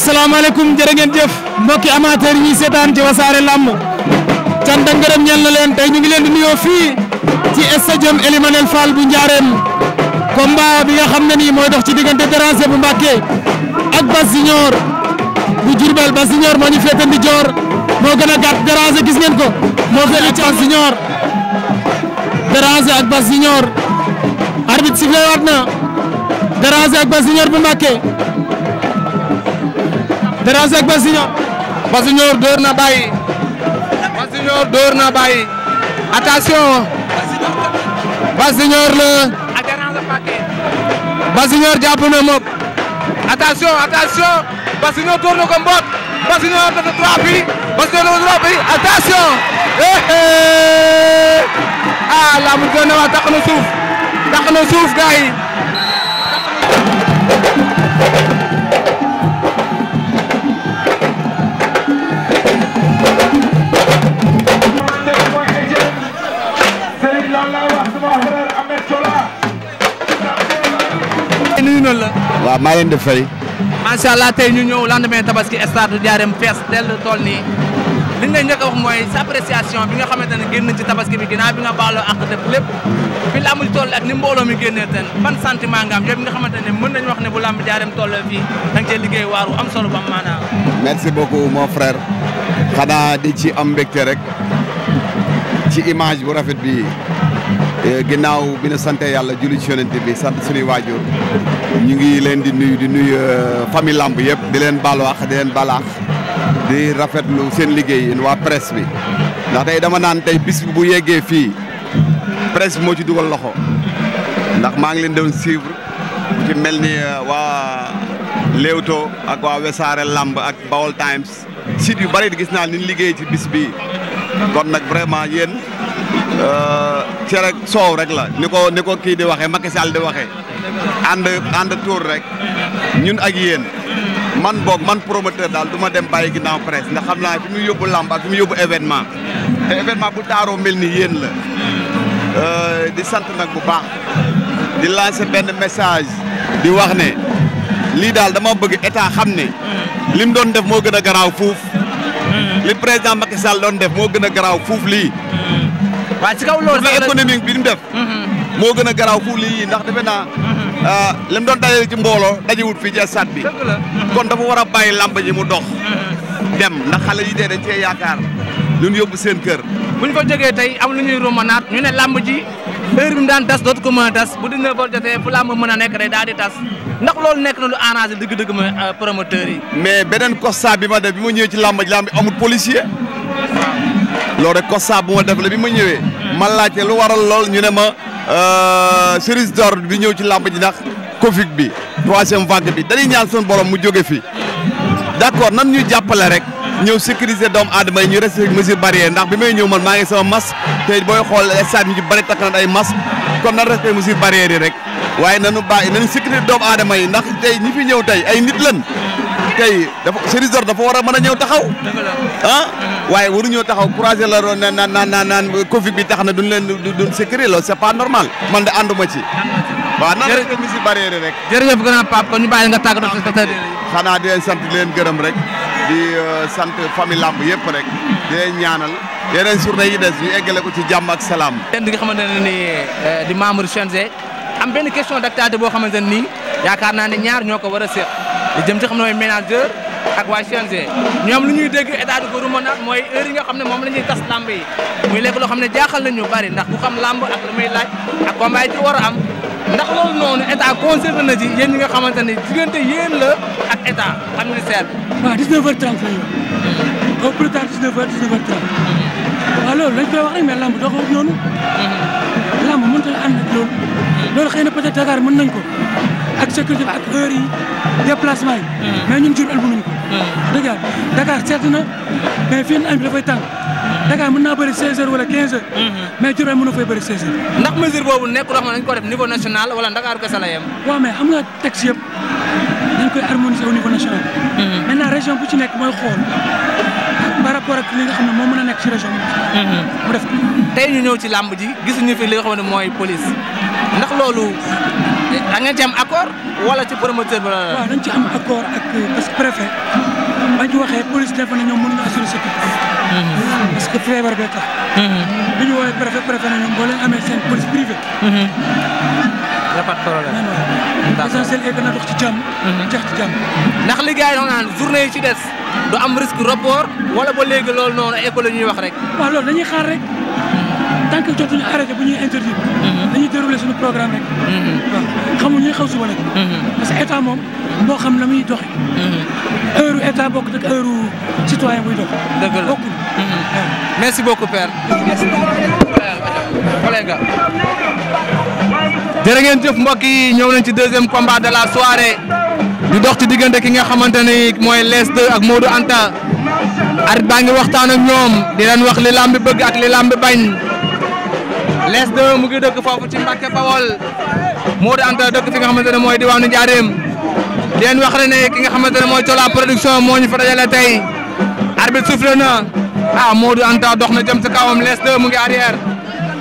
asalaamaaleykum jërë ngeen jëf mbokki amateur yi seetaan ci wasaare làmb cant ak ngërëm ñeel na leen tey ñu ngi leen di nuyoo fii ci stadium Ely Manel Fall bu Njaareem bi nga xam ne nii mooy dox ci diggante Déranger bu Mbàkke ak Bass Junior bu Jurbel Bass Junior moo ñu féete ndijoor moo gën a gàtt Déranger gis ngeen ko moo féete ci Bass Junior Déranger ak Bass Junior arbitre sifflé waat na Déranger ak Bass Junior bu Dérange ak Basiñor. Basiñor door na bàyyi. Basiñor door na bàyyi. attention. Basiñor la. ak Dérange Mbacké. Basiñor jàpp na moom. attention attention. Basiñor door na ko mboot. Basiñor dafa trois bi. Basiñor dafa trois bi attention. Eh, eh. ah laa mu gën a wax tax na suuf. tax na suuf gars yi. waaw maa leen di fay. macha allah tey ñu ñëw lendemain tabaski stade Diarème fees dell tool nii li ñu lay a wax mooy sa appréciation bi nga xamante ne génn ci tabaski bi ginaa bi nga baaloo ak def lépp fi làmb ji toll ak ni mbooloo mi génne ten ban sentiment nga am bi nga xamante ne mën nañu wax ne bu làmb Diarème toll fii da nga cee liggéey waaru am solo bu am maanaam. merci beaucoup mon frère xanaa di ci am mbégte rek ci image bu rafet bi Eh, ginnaaw bi na sante yàlla julli ci yonent bi sant suñuy waajur ñu ngi leen di nuyu di nuyu eh, famille làmb yëpp di leen balwaax di leen balaax di rafetlu seen liggéey yéen waa presse bi ndax tey dama naan tey bis bu yeggee fii presse bi moo ci dugal loxo ndax maa ngi leen doon suivre bu ci mel ni eh, waa Leewtoo ak waa Wassare Lamb ak Baol Times site yu bari gis naa ni liggéey ci bis bi kon nag vraiment yéen Euh, cere ak soow rek la ni ko ni ko kii di waxee Macky Sall di waxee ànd ànd rek ñun ak yéen man boog man promoteur daal duma dem bàyyi ginnaaw presse ndax xam naa fi mu yóbbu lamba ak fi muy yóbbu événement te événement bu taaro mel ni yéen la euh, di sant nag bu baax di lancer benn message di wax ne lii daal dama bëgg état xam ne li mu doon def moo gën a garaaw fuuf li président Macky Sall doon def moo gën a garaaw fuuf lii waaw ci kaw loolu sax économique bi mu def. Mhm. moo gën a garaaw fu lii ndax defe naa. Mhm. Ah, li doon dajale ci daje dajewut fii ci stade bi. Mhm. kon dafa war a bàyyi làmb ji mu dox. dem ndax xale yi dee dañ cee yaakaar. lu ñu yóbbu seen kër. bu ñu fa jógee tey am lu ñuy naat ñu ne làmb ji heure bi daan tas dootu ko mën a tas bu dina ba jotee fu làmb mën a nekk day daal di tas ndax lool nekk na lu arrangé dëgg-dëgg ma euh, promoteur yi. mais beneen constat bi ma def bi ma ñëwee ci làmb ji làmb amul policier. loolu rek constat bu ma def la bi ma ñëwee ma laajte lu waral lool ñu ne ma euh, cerise d'or bi ñëw ci làmb ji ndax Covid bi troisième vague bi dañuy ñaan suñu borom mu jóge fi d'accord nan ñuy jàppale rek ñëw sécuriser doom aadama yi ñu respecté mesure barrière ndax bi may ñëw man maa ngi sama masque te booy xool stade ñu bëri takk na ay masque kon nan respecté mesure barrière yi rek waaye nanu bàyyi nañu sécuriser doomu aadama yi ndax tey ñi fi ñëw tey ay nit lan tey dafa cerise d'or dafa war a mën a ñëw taxaw waaye waruñoo taxaw croiser la roon naan naan naan naan Covid bi tax na duñ leen duñ sécuré loolu c'est pas normal man de ànduma ci. waaw nan la ñu si barrière rek. jërëjëf grand pape kon ñu bàyyi xanaa di sant leen gërëm rek di euh, sant famille làmb yëpp rek di leen ñaanal yeneen journée yi des ñu eggale ko ci jàmm ak salaam. yéen di nga xamante ne nii euh, di membre CNG am benn question d'actualité boo xamante ne nii yaakaar naa ne ñaar ñoo ko war a seq jëm ci xam ne mooy manager ak waa CNG ñoom lu ñuy dégg état du ko rumandaat mooy heure yi nga xam ne moom la ñuy tas lamb yi muy léegi loo xam ne jaaxal nañ ñu bari ndax ku xam lamb ak lu muy laaj ak combat yi ci a am ndax loolu noonu état concerné na ci yéen ñi nga xamante ne diggante yéen la ak état administrateur bi. waaw 19h30 la ñu wax au plus tard 19h 19h30 waaw loolu lañ koy wax rek mais lamb doo lamb mënut a loolu. xëy na peut-être mën nañ ko. ak sécurité bi ak heure yi déplacement yi. Hmm. mais ñun Diourbel mënuñ ko. Hmm. dëgg yàlla Dakar seet na mais fii añ bi dafay tàng. Hmm. Dakar mën naa bari 16 heures wala 15 heures. mais Diourbel fay bëri 16 ndax mesure boobu nekkul xam nañ ko def niveau national wala Dakar kese la yem. waaw mais xam nga texte yëpp dañ koy harmoniser au niveau national. maintenant région bu ci nekk mooy xool. par rapport ak li nga xam ne moo mën a nekk ci région bi. mu def tey ñu ñëw ci làmb ji gisuñu fi li nga xam ne mooy police da ngeen ci am accord wala ci promoteur bi la. waaw dañ ci am accord ak euh, parce que préfet bañ ci waxee police dafa ne ñoom mënuñu mhm. mhm. na ñoom boo leen police privée. Mhm. de na dox ci jàmm. jeex ci jàmm. ndax li gars naan journée yi ci des du am risque rapport wala ba léegi loolu noonu école la ñuy wax rek. waaw loolu dañuy rek. tant que jotuñu arrêté bu ñuy interdire. Mhm. dañuy déroulé suñu programme rek. Mhm. waaw xamul xaw suba mhm. que état moom xam la muy doxe heure état bokk ngeen jëf mbokk yi ñëw nañ ci deuxième combat de la soirée. di dox ci diggante ki nga xamante ni mooy Less 2 ak Modou Anta. arbitre baa ngi waxtaan ak ñoom di leen wax li lamb bi bëgg ak li lamb bi bañ. Less 2 mu ngi dëkk foofu ci Mbàkke moo Modou Anta dëkk fi nga xamante ne mooy diwaanu Njaareem leen wax ne ne ki nga xamante ne mooy Thiolla production moo ñu fa dajale tey arbitre soufflé na ah Modou Anta dox na jëm si kawam Less 2 mu ngi arrière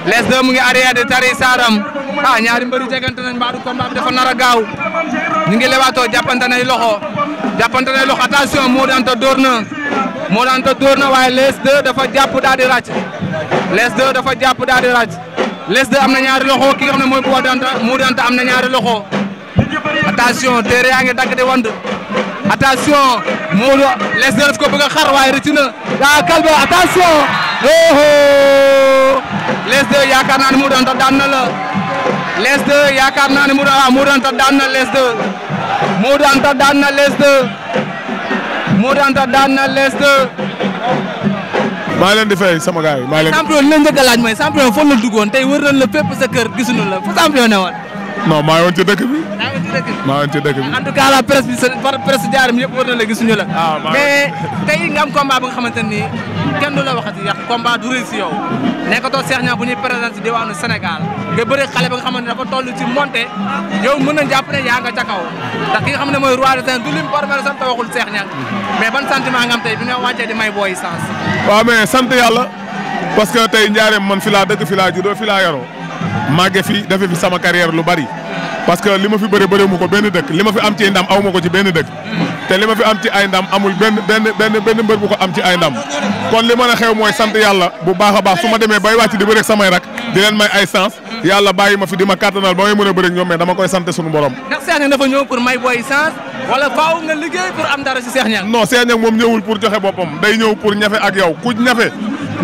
Less mu ngi arrière di tari saaram ah ñaari mbëri jegante nañ mbaa du combat bi dafa nar a gaaw ñu ngi lewaatoo jàppante nay loxo jàppante nay loxo attention Modou Anta dóor na Modou Anta dóor na waaye Less dafa jàpp daal di ràcc Less 2 dafa jàpp daal les de am na ñaari loxo ki xam ne mooy Bou Danta Bou Danta am na ñaari loxo attention teer yaa ngi dagg di wand attention Modou les de daf ko bëgg a xar waaye rëcc na daa kalba attention oh les de yaakaar naa ne Bou Danta daan na la les de yaakaar naa ne ah, daan na les de Bou Danta daan na les de Bou Danta daan na les maa leen di fay sama gars yi maa leen. champion li la njëkk a laaj mooy champion fan la duggoon tey wër nañ la fépp sa kër gisuñu la fu champion ne woon. non maa ngi woon ci dëkk bi. maa ngi bi maa ngi woon ci dëkk bi. la presse bi sa presse jaaram yëpp na la gisuñu ah, mais tey nga am ba nga xamante ni kenn du la waxati yàq combat du rëy si yow. nekkatoo Cheikh Niang bu ñuy présenté ci diwaanu Sénégal nga bëri xale ba nga xamante ne dafa toll ci monté yow mën nañ jàpp ne yaa nga ca kaw ndax ki nga xam ne mooy roi de waxul Cheikh Niang mais ban sentiment nga am tey bi nga wàccee di may booy sens. waaw mais sant yàlla parce que tey Ndiarème man fi fi laa juddoo fi laa yaroo màgge fi defee fi sama carrière lu bari parce que li ma fi bëre bëre mu ko benn dëkk li ma fi am ci ndam aw ma ko ci benn dëkk te li ma fi am ci ay ndam amul benn benn benn benn mbër bu ko am ci ay ndam kon li mën a xew mooy sant yàlla bu baax a baax su ma demee bay wàcc di bëre samay rak di leen may ay sens yàlla bàyyi ma fi di ma kàttanal ba may mën a bëre ñoom mais dama koy sant suñu borom. ndax Cheikh Niang dafa ñëw pour may booy sens wala faaw nga liggéey pour am dara ci Cheikh Niang. non Cheikh Niang moom ñëwul pour joxe boppam day ñëw pour ñafe ak yow ku ñafe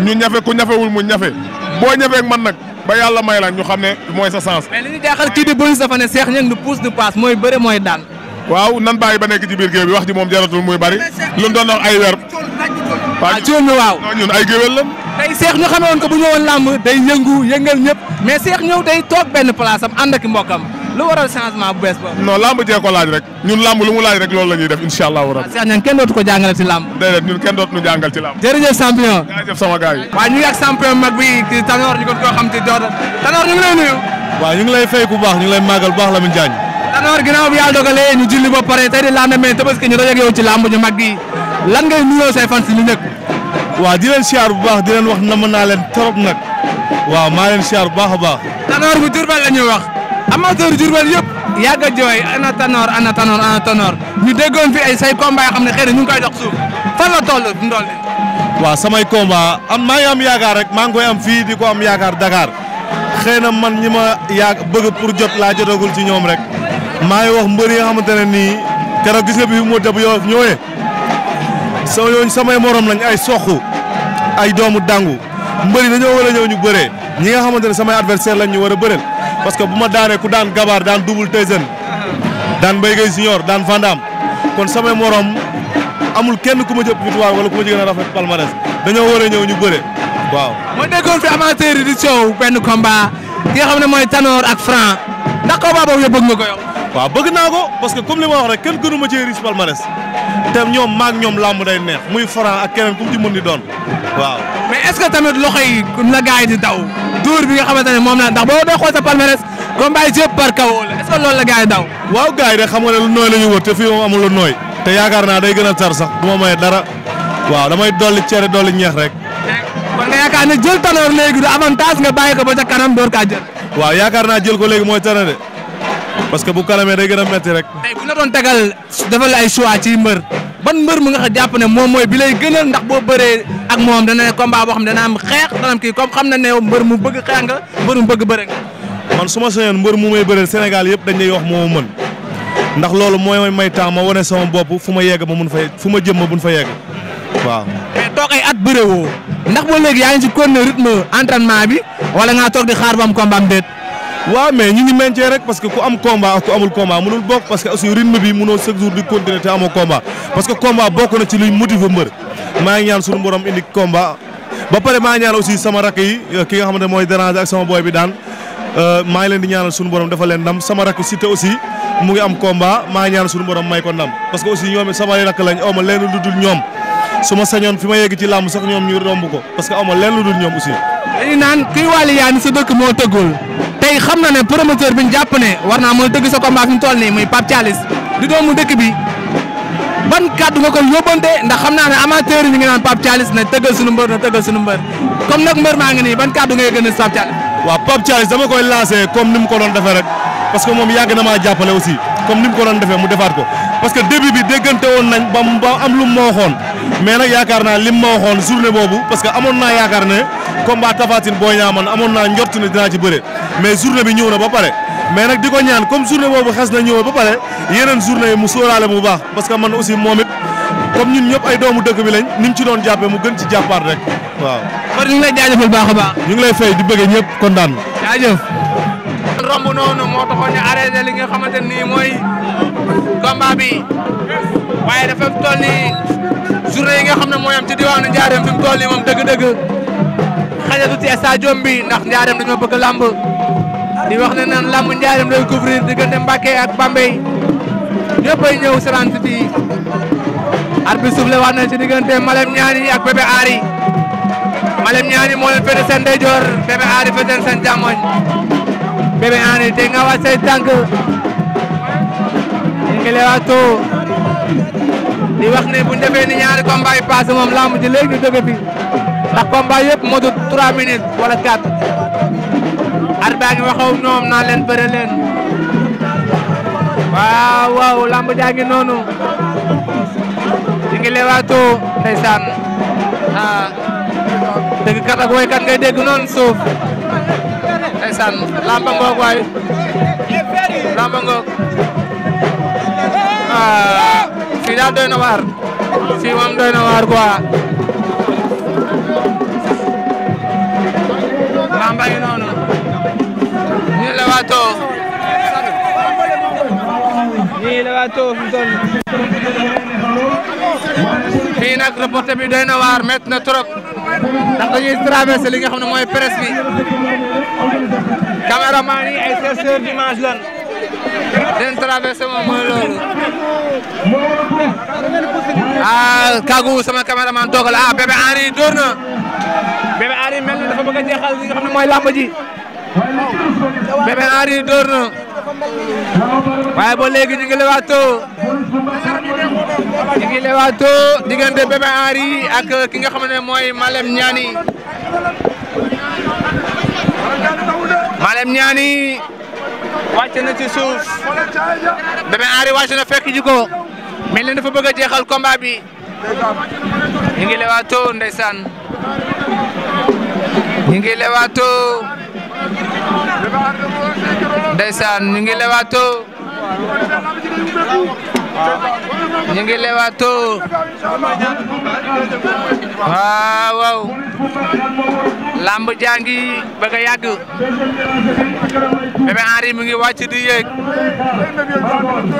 ñu ñafe ku ñafewul mu ñafe boo ñafee man nag ba yàlla may la ñu xam ne mooy sa sens. mais li ñu jaaxal kii di Boris dafa ne Cheikh Niang du pousse du passe mooy bëre mooy daan. waaw nan bàyyi ba nekk ci biir géew bi wax ji moom jaratul muy bari lu doon wax ay weer. Ah, waaw ci yoon waaw ñun ay géwél lan tey Cheikh ñu xamee woon ko bu ñëwoon làmb day yëngu yëngal ñëpp mais Cheikh ñëw day toog benn place am ànd ak mbokkam lu waral changement bu bees boobu. non lamb jee ko laaj rek ñun lamb lu mu laaj rek loolu la ñuy def incha allahu rabbi. waaw ñun kenn dootu ko jàngale ci lamb. déedéet ñun kenn dootu ñu jàngal ci lamb. jërëjëf champion. jaajëf sama gars yi. waaw ñu ngi mag bi Tanor ñu ko koo xam ci Jordan Tanor ñu ngi lay nuyu. waaw ñu ngi lay fay bu baax ñu ngi lay màggal bu baax Lamine Diagne. Tanor ginnaaw bi yàlla dogalee ñu julli ba pare tey di lendemain tabaski ñu dajeeg yow ci lamb ñu mag yi lan ngay nuyoo waaw di leen siyaar bu baax di leen wax namm naa leen trop nag waaw maa leen siyaar baax baax. Tanor bu Diourbel la ñuy wax amateur Diourbel yëpp yàgg a jooy ana ñu déggoon fi ay say combat yoo ne xëy na ñu ngi koy dox suuf fan la toll ndool waaw samay combat am maa am yaakaar rek maa ngi koy am fii di ko am yaakaar dakaar xëy na man ñi ma yaag bëgg pour jot laa jotagul ci ñoom rek maa ngi wax mbër yi nga xamante ne nii keroog gis nga bi moo dab yoo ñëwee so yooñu samay morom lañ ay soxu ay doomu dangu mbëri dañoo war a ñëw ñu bëree ñi nga xamante ne samay adversaire lañ ñu war a bëreel parce que bu ma daanee ku daan gabaar daan double Tyson daan Mbaye Guèye Junior daan Vandam kon samay morom amul kenn ku ma jëpp victoire wala ku ma ci a rafet palmarès dañoo war a ñëw ñu bëre waaw. ma déggoon fi amateur yi di coow benn combat ki nga xam ne mooy Tanor ak Franc ndax combat boobu yëpp bëgg nga ko waaw bëgg naa ko parce que comme li ma wax rek kenn gënu ma cee riche palmarès te ñoom maag ñoom làmb day neex muy Franc ak keneen ku mu mën di doon waaw. mais est-ce que tamit loxo yi la gars yi di daw dóor bi nga xamante ne moom naa ndax boo dee xool sa palmarès combat yi yëpp par kawoo la la gars daw. waaw gars yi de xam nga ne lu nooy la wër te fii moom amul lu nooy te yaakaar naa day gën a tar sax du ma may dara waaw damay dolli cere dolli ñeex rek. kon nga yaakaar jël tanoor léegi du nga bàyyi ko ba ca kanam door waaw yaakaar naa jël ko léegi mooy tane de parce que bu kalamee day gën a metti rek. tey bu ñu la doon tegal defal ay choix ci mbër ban mbër mu nga xam jàpp ne moom mooy bi lay gënal ndax boo bëree ak moom dana ne combat boo xam dana am xeex dana kii comme xam na ne mbër mu bëgg xeex nga mbër mu bëgg bëre nga. man su ma sañoon mbër mu may bëreel Sénégal yëpp dañ lay wax moo mën ndax loolu mooy may temps ma wane sama bopp fu ma yegg ma mun fa fu ma jëm ma mun fa yegg waaw. mais toog ay at bëree ndax boo léegi yaa bi wala ngaa toog di xaar waaw mais ñu ngi meñcee rek parce que ku am combat ak ku amul combat mënul bokk parce que aussi rythme bi mënoo chaque jour di continuer te amoo combat parce que combat bokk na ci luy motiver mbër maa ngi ñaan suñu borom indi combat. ba maa ñaan aussi sama rakk euh, ki nga xam xamante mooy déranger ak sama boy bi daan euh, maa ngi leen di ñaanal suñu borom dafa leen ndam sama rakk Siteu aussi mu ngi am combat maa ngi ñaan suñu borom may ko ndam parce que aussi ñoom it sama rakk lañ aw ma leen lu dul yegg ci làmb sax ñoom ñu romb ko parce que aw ma leen lu dul ñoom tey xam na ne promoteur bi ñu jàpp ne war naa mën a dëgg sa combat fi mu toll muy Pape Thialis di doomu dëkk bi ban kàddu nga ko yóbbante ndax xam naa ne amateur yi ngi naan Pape Thialis ne tëggal suñu mbër na tëggal suñu mbër comme nag mbër maa ngi nii ban kàddu ngay gën a Pape Thialis. waaw Pape Thialis dama koy lancé comme ni mu ko doon defee rek parce que moom yàgg na maa jàppale aussi comme ni mu ko doon mu defaat ko parce que début bi déggante woon nañ ba am lu mu ma que amoon naa yaakaar ne combat Tapha Tine Boy Niang man amoon naa njort ne dinaa bëre mais journée bi ñëw na ba pare mais nag di ko ñaan comme journée boobu xes na ñëw ba pare yeneen journée yi mu sóoraale bu baax parce que man aussi moom it comme ñun ñëpp ay doomu dëkk bi lañ ni mu ci doon jàppee mu gën ci jàppaat rek waaw. kon ñu ngi lay jaajëfal baax a baax. ñu ngi lay fay di bëggee ñëpp kon daan na. romb noonu moo taxoon ñu li nga xamante ni mooy combat bi waaye dafa toll nii journée yi nga xam ne mooy am ci diwaanu Ndiarème fi mu toll moom dëgg-dëgg. xajatu ci stade bi ndax njaareem dañoo bëgg làmb di wax ne naan làmb njaareem lay couvrir diggante Mbàkke ak Bambey ñëpp ay ñëw serant bi arbitre na ci diggante Malem Niani ak Bébé Ari Malem Niani moo leen féete seen Ari féete seen càmmoñ Ari te nga waat say tànk di wax ne bu ñu defee ni ñaari combat moom làmb ji léegi ñu jóge ndax combat yëpp moo du 3 minutes wala 4. arbitre baa ngi waxaw ñoom naa leen bëre leen. waaw waaw lamb jaa ngi noonu. ñu ngi leewaatoo ndeysaan. ah dëgg kat ak woykat ngay dégg noonu suuf. ndeysaan lamba ngoog waay. lamba ngoog. ah fii daal doy na waar. fii moom doy na waar quoi. combat ngi noonu ñii la waatoo ñii la waatoo fu toll fii nag reporté bi doy na waar métti na trop ndax dañuy traversé li nga xam ne mooy presse bi caméraman yi ay 16 heures dimanche lan den traversé moom mooy loolu ah kàggu sama caméraman toogal ah bébé Henri dóor na Bébé Henry mel na dafa bëgg a jeexal ki nga xam ne mooy làmb ji Bébé Henry door na waaye ba léegi ñu ngi lewaatoo ñu ngi lewaatoo diggante Bébé Henry ak ki nga xam ne mooy Malem Niani Malem Niani wàcc na ci suuf Bébé Henry wàcc na fekk ji ko mel na dafa a jeexal combat bi ñu ngi lewaatoo ndeysaan ñu ngi lewato ndeysaan ñu ngi lewato ñu ngi lewaatoo waaw lamb jaa ngi bëgg a yàgg Bébé Henry mi ngi wàcc di yéeg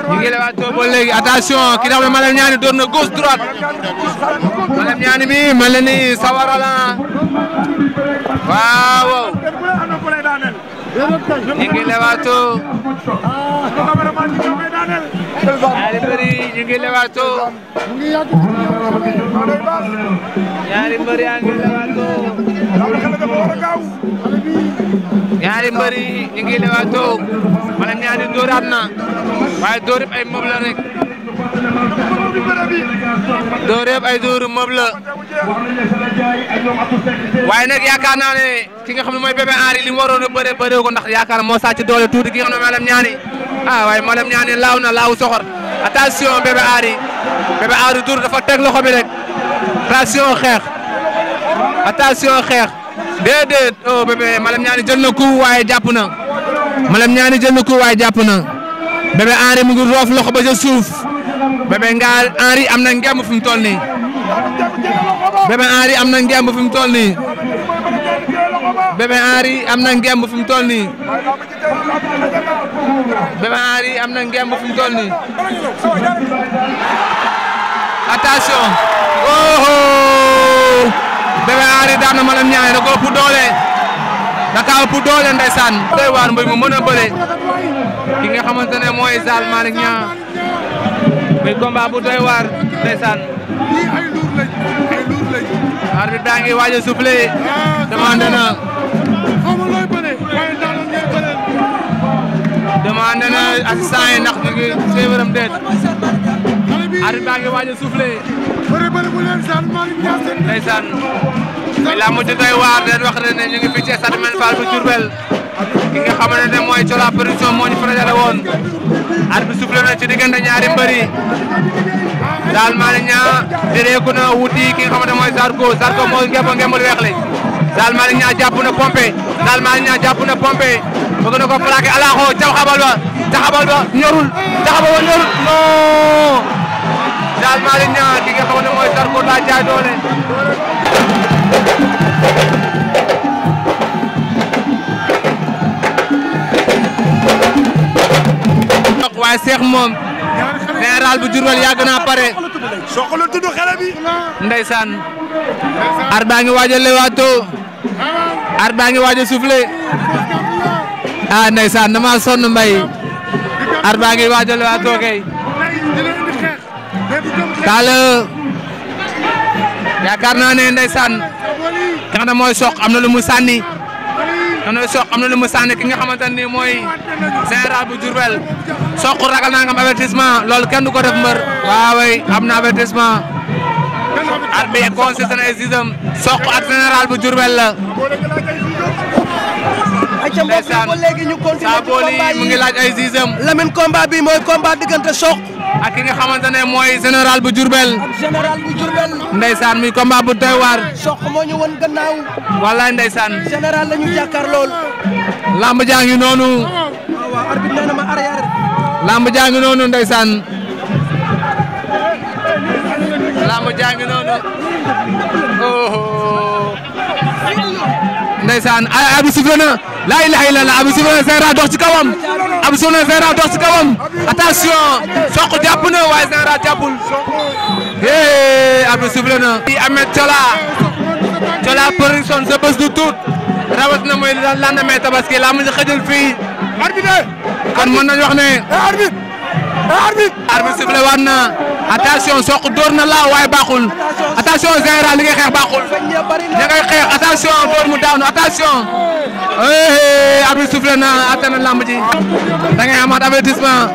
ñu ngi lewaatoo ba léegi attention ki dafa Malem Niani door na gauche droite Malem Niani mi mel na ni ñu ngi lewaatoo ñaari mbëri ñu ngi lewaatoo ñaari mbëri yaa ngi lewaatoo ñaari mbëri ñu ngi lewaatoo maanaam ñaari dóor am na waaye dóor yëpp ay moom la rek. dooreeb ay dóoru moom waaye nag yaakaar naa ki nga xam ne mooy Bébé Henry li mu waroon a bëree bëree ko ndax moo sàcc doole tuuti ki nga ñaani ah waaye maanaam ñaani laaw na laaw soxor attention Bébé Henry Bébé Henry dur dafa teg loxo bi rek attention xeex attention xeex déedéet oh bébé maanaam ñaani jàpp na maanaam ñaani jël na coup waaye jàpp na Bébé Henry mu ngi roof loxo ba ca suuf. Bébé Ngaal Henry am na ngemb fi mu toll nii Bébé am na ngemb fi mu toll nii Bébé am na ngemb fi tol toll nii Bébé Henry am na ngemb fi mu toll nii attention oh Bébé Henry na malam ñaay da ko ëpp doole da doole ndeysaan doy waar mbay mu mën ki nga xamante ne mooy Zal Malick Niang muy combat bu doy waar ndeysaan. lii ay luur lañ ay luur lañ. arbitre daa ngi waaj a soufflé. demandé na. xaw ma looy bëree waaye daal ngay bëree. demandé na assistant yi ndax waar den wax ne ñu ngi fii ci ki nga xamante ne mooy Thiolla Production moo ñu fa dajale arbitre soufflé na ci diggante ñaari mbër yi Zalmane Niang déréeku na wuti ki nga xamante mooy Zarko Zarko mooy ngebo ngembul weex li Zalmane Niang jàpp na pompé Zalmane Niang jàpp na pompé bëgg na ko plaqué alaaxoo caxabal ba ba ñorul caxabal ba ñorul non Zalmane Niang ki nga xamante mooy Zarko daa jaay doole waaye Cheikh moom. général bu Diourbel yàgg naa pare. soxla tudd xale bi. ndeysaan. baa ngi waaj a lewaatoo. ar ngi waaj a soufflé. ah ndeysaan dama sonn mbay. ar ngi waaj a lewaatoo kay. Talla. yaakaar naa ne ndeysaan. kax na mooy soq am na lu mu dañoo soq am na lu mu sànni ki nga xamante ni mooy général bu Diourbel soq ragal naa nga am avertissement loolu kenn du ko def mbër waaway am na avertissement ar bi consiste na sisam soq ak bu Diourbel la aca mu ngi laaj ay sisam Lamine combat bi mooy combat diggante soq ak ki nga xamante ne mooy général bu Diourbel. ak général bu Diourbel. ndeysaan muy combat bu doy waar. moo ñu won gannaaw. wallaay ndeysaan. général la ñu jàkkaar lool. lamb jaa noonu. waaw waaw noonu ndeysaan. lamb jaa ngi noonu. Oh, oh. ndeysaan abi sifle na la ilaha illallah abi sifle na Général dox ci kawam abi sifle na Général dox ci kawam attention Sokh jàpp na waaye Général jàppul hee abi sifle na Ahmed Thiola Thiola production sa bés du tuut rawat na mooy lendemain tabaski laa mu xëjal fii kon mën nañu wax ne eh, arbitre arbitre sifflé waat na attention door na laa waaye baaxul attention général li ngay xeex baaxul ña ngay xeex attention door mu daanu attention arbitre sifflé na na lamb ji da ngay amaat avertissement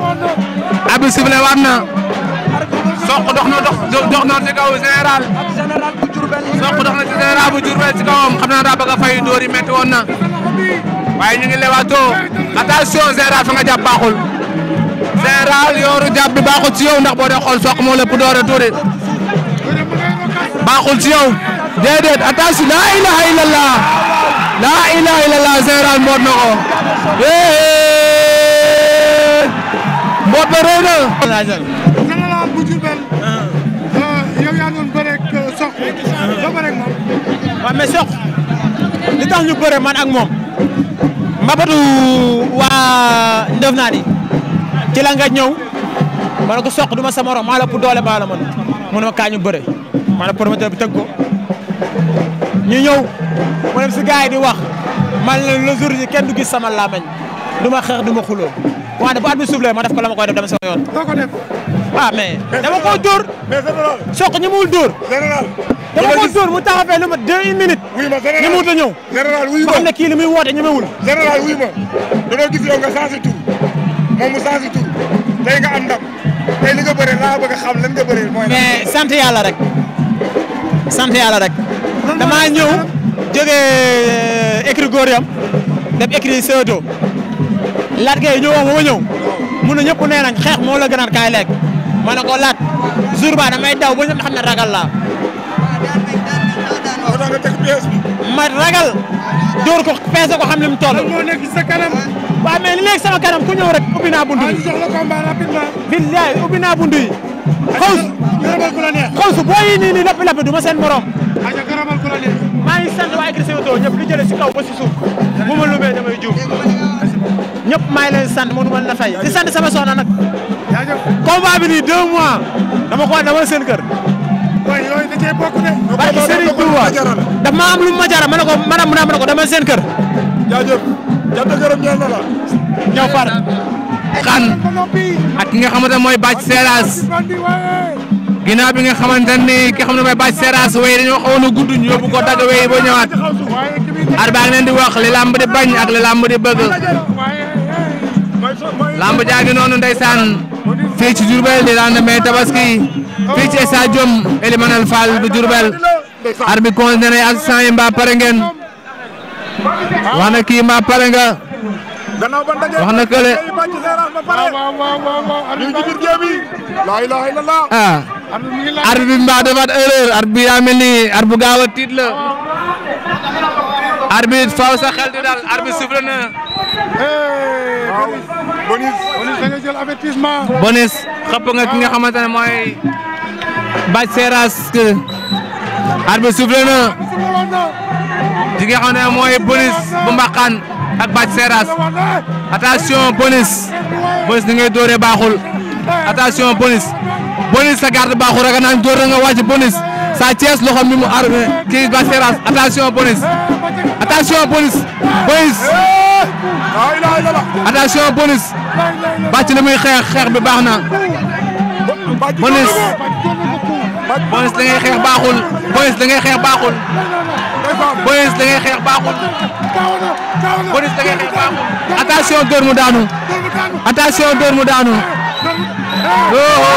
arbitre sifflé waat na soq dox na dox dox na ci kaw général soq dox na général bu Diourbel ci kawam xam naa a fay dóor yi metti woon na waaye ñu ngi lewaatoo attention général fa nga baaxul Général yooru jàpp bi baaxul ci ndax boo dee xool soq moo lépp doore tuuti baaxul ci yow déedéet laa ilaha illallah laa mboot na ko mboot ba rëy na. soq ba bëreeg moom. man ak moom mbabatu waa Ndefnaan yi. ci la nga ma ko soq du ma sa morom maa la ëpp doole maa la mën mu ne ma kaa bëre ma ne promoteur bi tëgg ko ñu ñëw ma dem si gars yi di wax man leen le jour kenn du gis sama làmmiñ du ma xeex du ma xuloo waaye bu at bi suuf ma def ko la koy def dama sama yoon. doo ko def. ah mais dama koo dóor. soq ñi muul dóor. général. dama ko lu ma deux une minute. wuy ma général ñi muut a ñëw. général wuy ma xam ne kii moom mu changé tur tey nga am ndam nga bëree laa bëgg a xam lan nga bëree mooy. mais sant yàlla rek sant yàlla rek. damaa ñëw jógee euh, écrit góor yam dem écrit seeto laat gay ñëw wax mun na ñëpp nee xeex moo la gënaat kaay lekk ma ne ko laat jour ba damay daw ba ñëpp xam ne ragal laa. ma ragal dóor ko peese ko xam li mu toll. waaw mais li léegi sama kanam ku ñëw rek. ubbi naa buntu yi. billaay ubbi naa buntu yi. xaw xaw su boo du ma seen morom. maa ngi sant waa écrit Sénégal ñëpp li si kaw ba si suuf bu ma lumee damay juum ñëpp maa ngi leen sant mënu ma la fay di sant sama soxna nag. combat bi nii deux mois dama ko dama seen kër. waaye yooyu da cee bokk de. daf maa lu ma ma ne ko maanaam mu ne dama seen kër. jaajëf jant xan ak ki nga xamante ne mooy Bathie Seras bi nga xamante ni ki xam ne mooy Bathie wey dañoo xawoon a gudd yóbbu ko dagg wey ba ñëwaat ar baa ngi di wax li làmb di bañ ak li làmb di bëgg làmb jaa noonu ndeysaan fii ci Diourbel di daan may tabaski fii ci stade Elimanel Fall bu Diourbel ar bi kon nee na ak sang yi mbaa pare ngeen gannaaw ban daje wax na kële ñu ngi ci biir géew bi la ilaha illallah ah arbitre bi mbaa defaat erreur arbitre bi yaa mel ni arbitre bu gaaw a tiit la arbitre nga xamante ne mooy Bac Seras arbitre soufflé na mooy bonus bu ak Bathie Seras attention bonus bonus ni ngay dóoree baaxul attention bonus bonus sa garde baaxul rek naan dóor na nga wàcc bonus sa Thiès loxo mi mu ar kii Bathie Seras attention bonus attention bonus bonus attention bonus muy xeex xeex bi baax na bonus bonus da ngay ngay xeex baaxul Boris da ngay xeex baaxul. Boris da ngay xeex baaxul. attention dóor mu daanu. attention dóor mu daanu. Oh.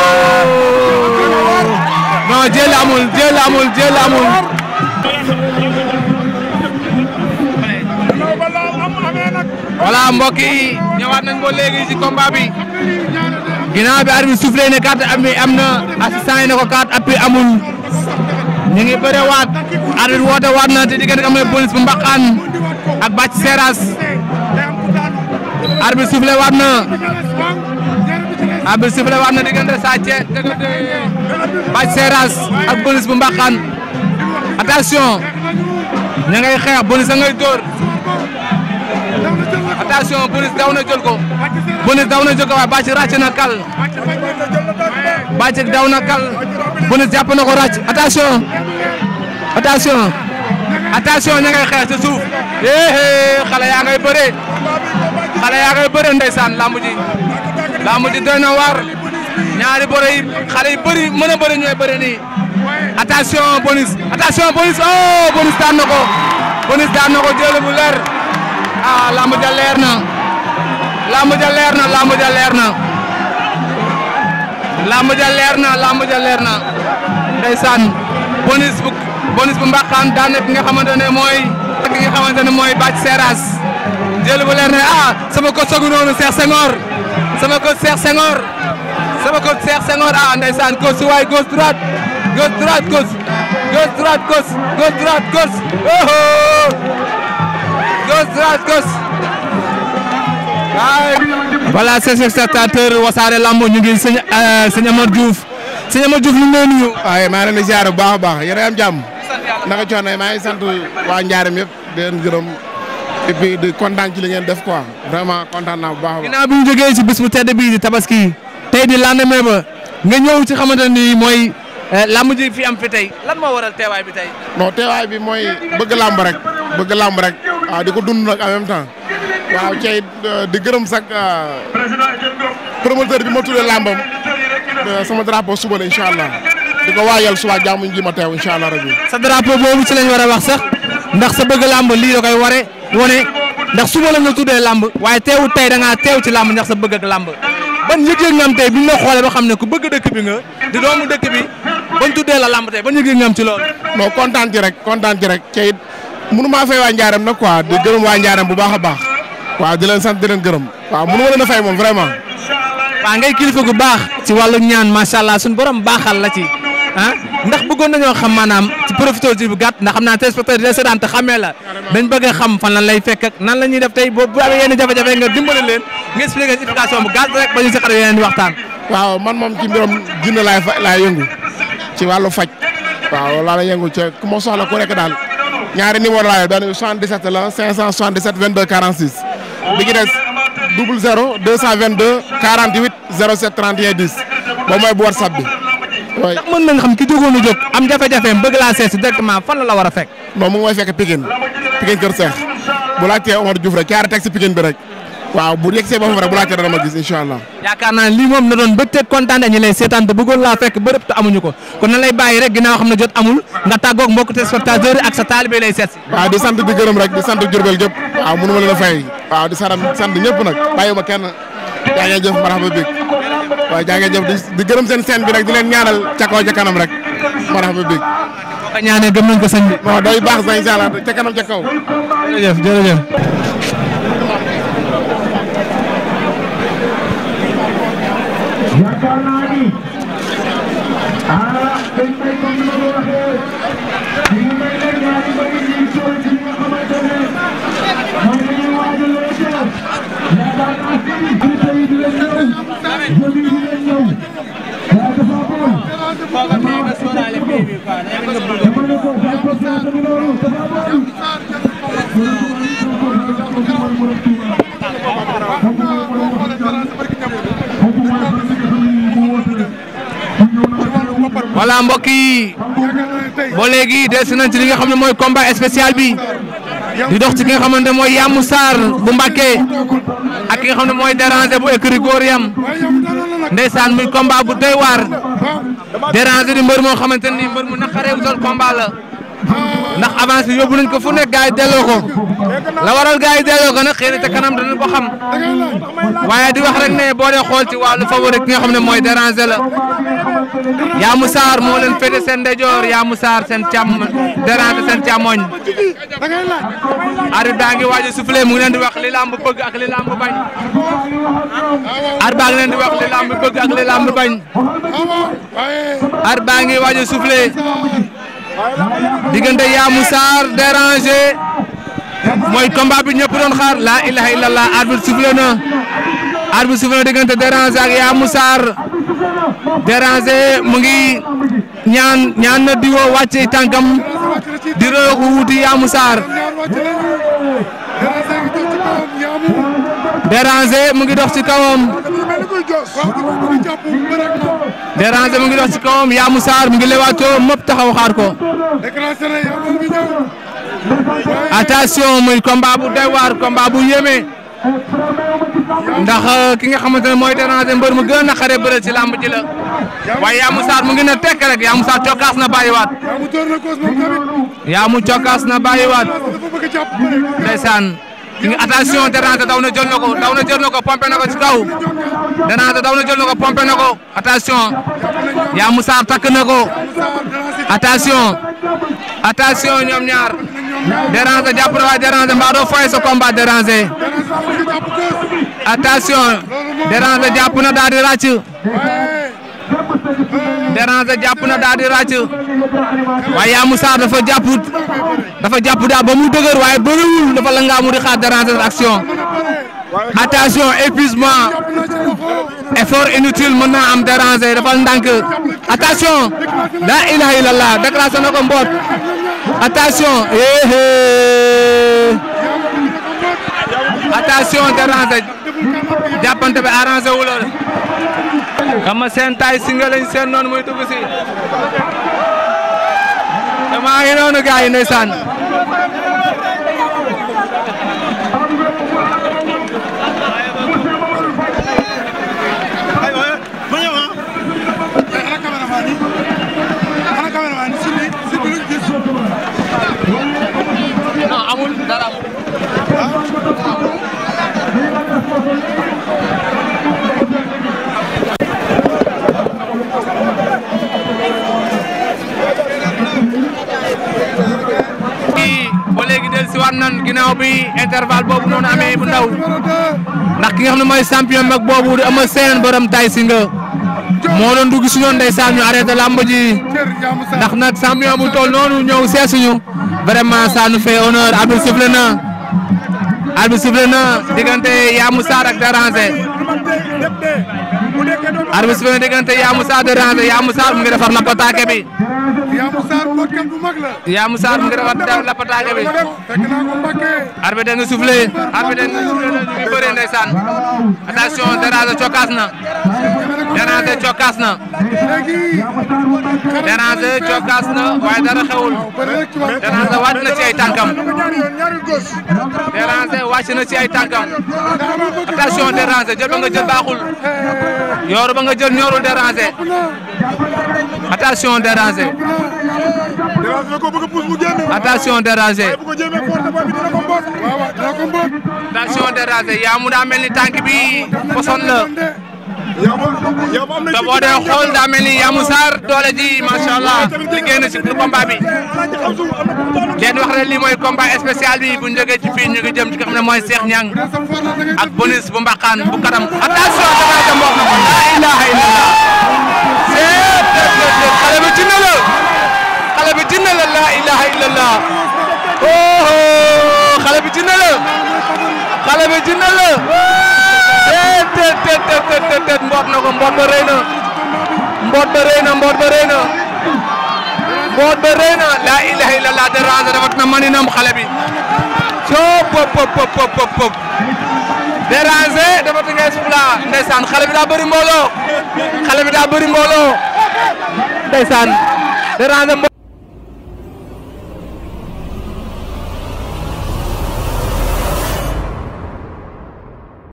non jël amul jël amul jël amul. voilà mbokk yi nañ ba léegi ci bi. ginnaaw bi arbitre soufflé ne carte am ko carte appui amul. ñu ngi waat. arbitre woote waat na te diggante Amady Police bu Mbaxaan ak Bathie Seras arbitre soufflé waat na arbitre soufflé waat na diggante Sathié diggante Bathie ak Police bu Mbaxaan attention ña xeex Police a ngay dóor attention Police daw na jël ko Police daw na kal Bathie daw kal Police jàpp na ko ràcc attention. attention attention ña ngay xeex ci suuf yaa ngay bëree xale yaa ngay bëree ndeysaan lamb ji lamb ji na waar ñaari bëre yi xale yi bëri mën a ñooy bëri nii attention bonus attention bonus oh bonus daan na ko bonus daan na bu leer ah lamb ja na lamb ja na lamb ja na lamb ja leer bonus bu daan nekk nga xamante ne mooy ak li nga ne mooy ah, sama kot sogu sama ko Cheikh Senghor sama kot Cheikh Senghor ah ndeysaan kot su waay gauche droite gauche droite gauche gauche droite wasaare lambo ñu ngi euh, Amar Diouf sëñ Amar Diouf ñu ngi lay nuyu. waaye maa ngi baax baax yéen a am naka coono maa ngi sant waa Njaareem yëpp di gërëm et di kontaan ci li ngeen def ko vraiment kontaan na bu baax a baax. bi ñu jógee si bis bu tedd bi di tabaski tey di lendemain ba nga ñëw ci xamante ni mooy eh, làmb ji fi am fi tey lan moo waral bi tey. non teewaay bi mooy bëgg làmb rek bëgg làmb rek waaw ah, di ko dund nag en même temps waaw cey eh, di gërëm sax ah, promoteur bi ma tuddee làmbam sama drapeau suba la incha allah. di ko waajal suba jàmm ji ma teew incha allah rabi. sa drapeau boobu ci lañ war a wax sax ndax sa bëgg làmb lii da koy ware wone ndax suba la nga tuddee làmb waaye teewul tey da ngaa teew ci làmb ndax sa bëgg ak làmb ban yëg-yëg nga tey bi ñu la xoolee ba xam ne ku bëgg dëkk bi nga di doomu dëkk bi bañ tuddee la làmb tey ban yëg-yëg nga ci lool non kontaan rek kontaan ci rek te it mënu maa fay waa Njaaram nag quoi di gërëm waa Njaaram bu baax a baax. waaw di leen sant gërëm. waaw mënu ma leen a fay moom vraiment. waaw ngay kilifa gu baax. ci wàllu ñaan macha allah suñu borom baaxal la ci ah ndax bëggoon nañoo xam maanaam ci profité ci bu gàtt ndax xam naa téléspectateur di la seetaan xamee la dañ bëgg a xam fan lan lay fekk ak nan la ñuy def tey boo bu amee yenn jafe-jafe nga dimbale leen nga expliqué explication bu gàtt rek ba ñu si xar yeneen di waxtaan waaw man moom ci mbiram junne laay fa laay yëngu ci wàllu faj waaw laa la yëngu ca ku ma soxla ku nekk daal ñaari numéro laa yor benn 77 la 577 22 46 bi gi des double 0 222 48 07 31 bi ndax mën nañ xam ki jógoonu jóg am jafe-jafeem bëgg laa seet si directement fan la war a fekk non mu ngi may fekk Pikine Pikine Kër Seex bu laajtee Omar Diouf rek caara teg si Pikine bi rek waaw bu yegg see ba foofu rek naa lii moom na doon bëgteeg kontaan ñi lay seetaan te bëggoon laa fekk bërëb te amuñu ko kon na lay bàyyi rek ginnaaw xam ne jot amul nga tàggoog mbokk téléspectateurs yi ak sa taalibe lay seet si waaw di sant di gërëm rek di sant Jurbel gépp waaw mënu ma leen a fay waaw di sant sant ñëpp nag bàyyi ma kenn yaa ngi jëf marhaba bi waaye jaa ngeen jëf di seen scène bi rek di leen ñaanal ca kaw ca kanam rek moo tax ma bég. boo nañ ko sëñ bi. non day baax sax ca kanam ca joli bi leen mbokk yi ba léegi des nañ li nga xam ne mooy combat spécial bi di dox ci ki nga xamante mooy Yamou Sarr bu ak ki nga xam ne mooy déranger bu écrit góor yam ndeysaan muy combat bu doy waar déranger di mbër moo xamante ni mbër mu naqaree wutal combat la ndax avance bi yóbbu nañ ko fu nekk gars yi la waral gars a delloo ko nag xëy na te kanam dinañ ko xam waaye di wax rek ne boo dee xool ci wàllu favori ki nga xam ne mooy déranger la Yamou Sarr moo leen féete seen ndeyjoor Yamou Sarr seen càmm déranger seen càmmoñ arbitre baa ngi waaj a soufflé mu ngi leen di wax li lamb bëgg ak li lamb bañ arbitre baa ngi leen di wax li lamb bëgg ak li lamb bañ arbitre baa ngi waaj a soufflé diggante Yamou Sarr déranger mooy combat bi ñëpp doon xaar laa ilaha illallah arbitre sifflé na arbitre sifflé na diggante Déranger ak Yamou Sarr Déranger mu ngi ñaan ñaan na diwoo wàcce tànkam di royo wuti Yamou Sarr Déranger mu ngi dox ci kawam Déranger mu ngi dox ci kawam Yamou Sarr mu ngi lewaatoo mëpp taxaw xaar ko attention muy combat bu doy waar bu yéeme ndax euh, ki nga xamante ne mooy déranger mbër mu gën a naqaree bëre ci làmb ji la waaye Yamou Sarr mu ngi ne tekk rek Yamou Sarr cokkaas na bàyyiwaat. Yamou cokkaas na bàyyiwaat. ndeysaan ki nga attention daw na jël na ko daw na jël na ko pompé na ko ci kaw déranger daw na jël na ko pompé na ko attention Yamou Sarr takk na ko attention attention ñoom ñaar. Déranger jàpp na waaye Déranger mbaa doo fay sa combat Déranger attention Déranger jàpp na daal di ràcc Déranger jàpp na daal di ràcc waaye yaa Moussa dafa jàpp dafa jàpp daal ba mu dëgër waaye bëriwul dafa la ngaa mu di xaar Déranger action attention épuisement naa am Déranger dafa ndànk attention la ilaha illallah na ko attention eh, eh. attention déranger jàppante bi arrangé wu la xam seen taay si nga lañ seen noonu muy dugg si damaa ngi noonu gars yi ndeysaan war nan ginnaaw bi intervalle boobu noonu amee bu ndaw ndax ki nga xam ne mooy champion mag boobu di ama seen borom tay si nga moo doon dugg si ñoon ndeysaan ñu arrêté lamb ji ndax nag champion bu toll noonu ñëw seesuñu vraiment ça nous fait honneur abdou sifle na arbitre sifflé na diggante Yamou Sarr ak Déranger arbitre sifflé na diggante Yamou Sarr Déranger Yamou Sarr bi. Yamou Sarr mbotkat bu mag la. Yamou Sarr bi. arbitre da nga sifflé arbitre da nga sifflé ñu ngi cokaas na. Déranger cokkaas na. waaye dara xewul. Déranger wàcc na ci ay tànkam. Déranger wàcc na ci ay tànkam. attention Déranger jël ba jël baaxul. yooru jël ñoorul Déranger. attention Déranger. attention Déranger. attention Déranger yaa mu ni tànk bi poson te boo dee xool daa mel ni Yamou Sarr doole ji macha allah liggéey na si pour combat bi. leen wax rek mooy combat spécial bi bu ñu jógee ci fii ñu ci nga ne mooy Cheikh Niang ak bonus bu mbaqaan bu karam attention dafay dem wax na ko la ilaha illallah. bi dina la. tët tët tët tët tët mboot na ko mboot ba rëy na mboot ba rëy na mboot ba rëy na mboot ba rëy na laa ilaha illallah dérange rafet na maninam xale bi coo pop pop pop pop pop dérange dafa ti ngay sufla ndeysaan xale bi daa bëri mbooloo xale bi daa bëri mbooloo ndeysaan dérange